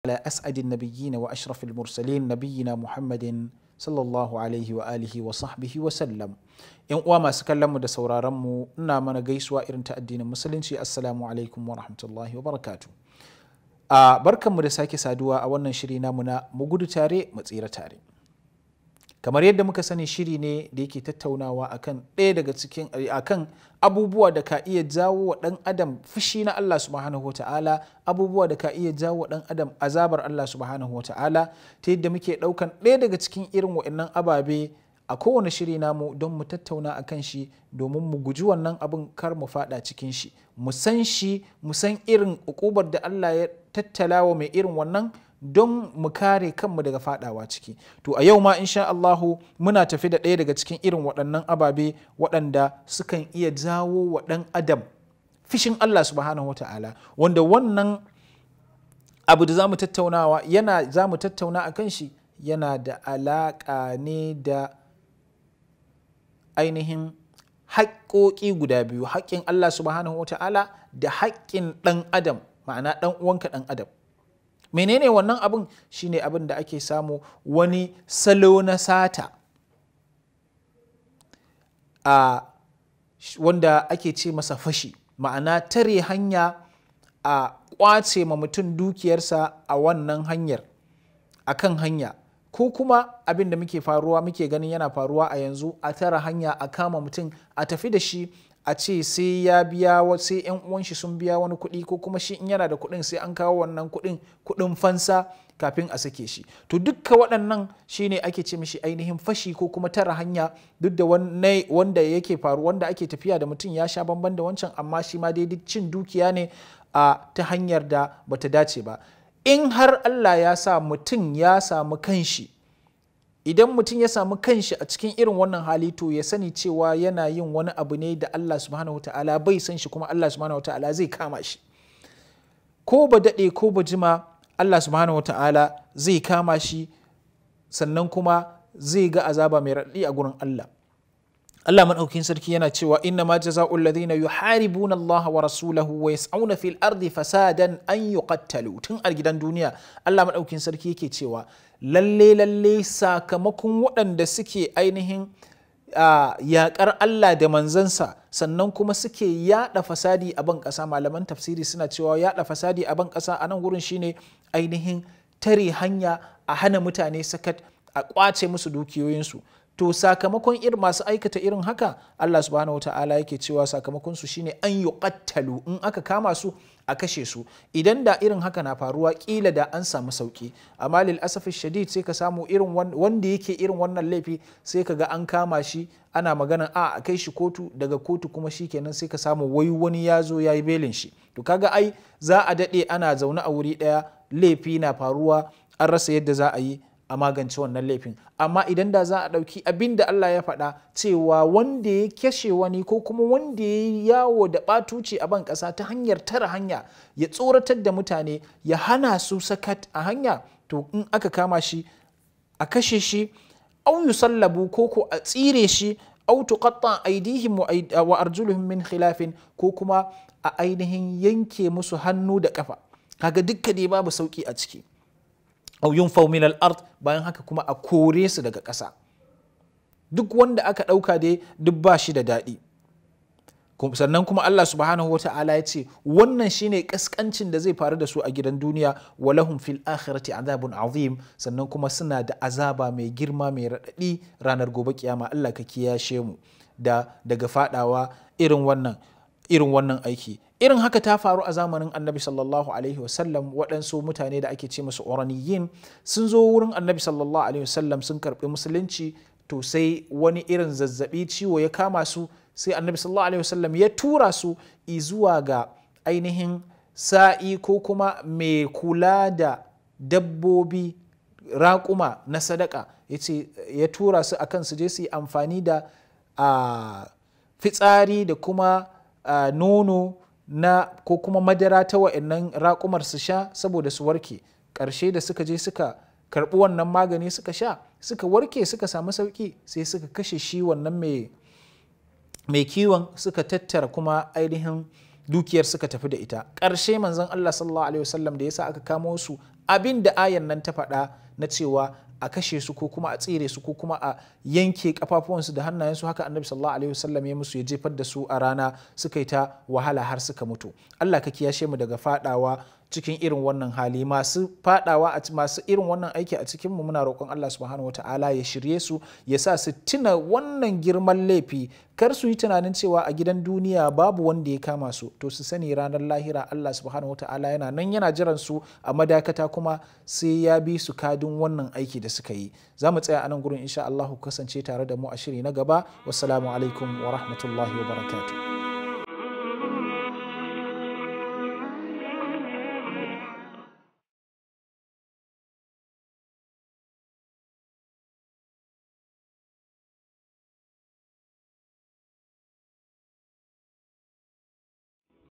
Ala أسعد النبيين وأشرف المرسلين نبينا محمد صلى الله alaihi wa alihi wa sahbihi wa sallam yan uwa masu kallon mu da sauraron mu ina mana gaisuwa irin ta addinin musulunci assalamu alaikum wa rahmatullahi wa barakatuh a barkanmu da sake saduwa a wannan shiri namu na mu gudu tare mu tsira tare kamar yadda muka sani shiri ne da yake tattaunawa akan ɗaya daga cikin akan abubuwa da ka iya jawo wa ɗan adam fushi na Allah subhanahu wa ta'ala abubuwa da ka iya jawo wa ɗan adam azabar Allah subhanahu wa ta'ala ta yadda muke ɗaukan ɗaya daga cikin irin wa'annan ababe a kowane shiri namu don mu tattauna a kan shi domin mu guji wannan abin kar mu faɗa cikin shi mu san shi mu san irin ukubar da Allah ya tattalawa mai irin wannan don mu kare kanmu daga fadawa ciki to a yau ma insha Allahu muna tafi da ɗaya daga cikin irin waɗannan ababe waɗanda sukan iya jawo wa ɗan adam fishin Allah subhanahu wa ta'ala wanda wannan abu da zamu tattaunawa yana zamu tattauna a kan shi yana da alaƙa ne da ainihin haƙƙoƙi guda biyu haƙƙin Allah subhanahu wa ta'ala da haƙƙin ɗan adam ma'ana ɗan uwanka ɗan adam menene wannan abin shine abin da ake samu wani salo na sata a wanda ake ce masa fashi ma'ana tare hanya a kwace ma mutum dukiyarsa a wannan hanyar a kan hanya ko kuma abin da muke faruwa muke ganin yana faruwa a yanzu a tara hanya a kama mutum a tafi da shi a ce sai ya biya sai yan uwan shi sun biya wani kuɗi ko kuma shi in yana da kuɗin sai an kawo wannan kuɗin kuɗin fansa kafin a sake shi to dukka waɗannan shine ake ce mishi ainihin fashi ko kuma tara hanya duk da wanda yake faru wanda ake tafiya da mutum ya sha bamban da wancan amma shi ma dai cin dukiya ne a ta hanyar da bata dace ba in har Allah ya sa mutum ya samu kanshi idan mutum ya samu kanshi a cikin irin wannan hali to ya sani cewa yana yin wani abu ne da Allah subhanahu wa ta'ala bai san shi kuma Allah subhanahu wa ta'ala zai kama shi ko ba daɗe ko ba jima Allah subhanahu wa ta'ala zai kama shi sannan kuma zai ga azaba mai raɗi a gurin Allah Allah maɗaukin sarki yana cewa inna ma jazaa'ul ladhina yuharibuna Allah wa rasulahu wa yas'una fil ardi fasadan an yuqattalu tun a gidan duniya Allah maɗaukin sarki yake cewa lalle lalle sakamakon waɗanda suke ainihin yaƙar Allah da manzansa sannan kuma suke yaɗa fasadi a ban ƙasa malaman tafsiri suna cewa yaɗa fasadi a ban ƙasa a nan wurin shine ainihin tare hanya a hana mutane sakat a ƙwace musu dukiyoyinsu to sakamakon irin masu aikata irin haka Allah subhanahu wata'ala yake cewa sakamakon su shine an kattalu in aka kama su a kashe su idan da irin haka na faruwa kila da an samu sauki amma lil asafi shadid sai ka samu irin wanda yake irin wannan laifi sai ka ga an kama shi ana magana a a kai shi kotu daga kotu kuma shi kenan sai ka samu wai wani ya zo ya yi belin shi to kaga ai za a daɗe ana zaune a wuri ɗaya laifi na faruwa an rasa yadda za a yi a magance wannan laifin amma idan da za a ɗauki abin da Allah ya faɗa cewa wanda ya kashe wani ko kuma wanda ya yawo da ɓatuci a ban ƙasa ta hanyar tara hanya ya tsoratar da mutane ya hana su sakat a hanya to in aka kama shi a kashe shi au sallabu ko ko a tsire shi au tuqatta aidihim wa arjuluhum min khilafin ko kuma a ainihin yanke musu hannu da kafa kaga dukka dai babu sauki a ciki au yunfau fauminal art bayan haka kuma a kore su daga ƙasa duk wanda aka ɗauka dai duk ba shi da daɗi sannan kuma Allah subhanahu wata'ala ya ce wannan shine kaskancin da zai faru da su a gidan duniya walahum fil akhirati azabun azim sannan kuma suna da azaba mai girma mai raɗaɗi ranar gobe kiyama Allah ka kiyashe mu da daga fadawa irin wannan aiki irin haka ta faru a zamanin annabi sallallahu alaihi wasallam waɗansu mutane da ake ce musu oraniyin sun zo wurin annabi sallallahu alaihi wasallam sun karɓi musulunci to sai wani irin zazzabi ciwo ya kama su sai annabi sallallahu alaihi wasallam ya tura su izuwa ga ainihin sa'i ko kuma mai kula da dabbobi raƙuma na sadaka ya tura su akan su je su yi amfani da fitsari da kuma nono na ko kuma madara ta wa'annan raƙumar su sha saboda su warke ƙarshe da suka je suka karɓi wannan magani suka sha suka warke suka samu sauƙi sai suka kashe shi wannan mai kiwon suka tattara kuma ainihin dukiyar suka tafi da ita ƙarshe manzon Allah sallallahu alaihi wasallam da yasa aka kamo su abin da ayan nan ta faɗa na cewa a kashe su ko kuma a tsire su ko kuma a yanke kafafuwansu da hannayensu haka annabi sallallahu alaihi wasallam ya musu ya jefar da su a rana suka yi ta wahala har suka mutu Allah ka kiyashe mu daga fadawa cikin irin wannan hali masu fadawa a masu irin wannan aiki a cikin mu muna roƙon Allah subhanahu wataala ya shirye su ya sa su tuna wannan girman laifi kar su yi tunanin cewa a gidan duniya babu wanda ya kama su to su sani ranar lahira Allah subhanahu wataala yana nan yana jiran su a madakata kuma sai ya bi su kadin wannan aiki da suka yi za mu tsaya a nan gurin insha Allah ku kasance tare da mu a shiri na gaba wassalamu alaikum wa rahmatullahi wa barakatuh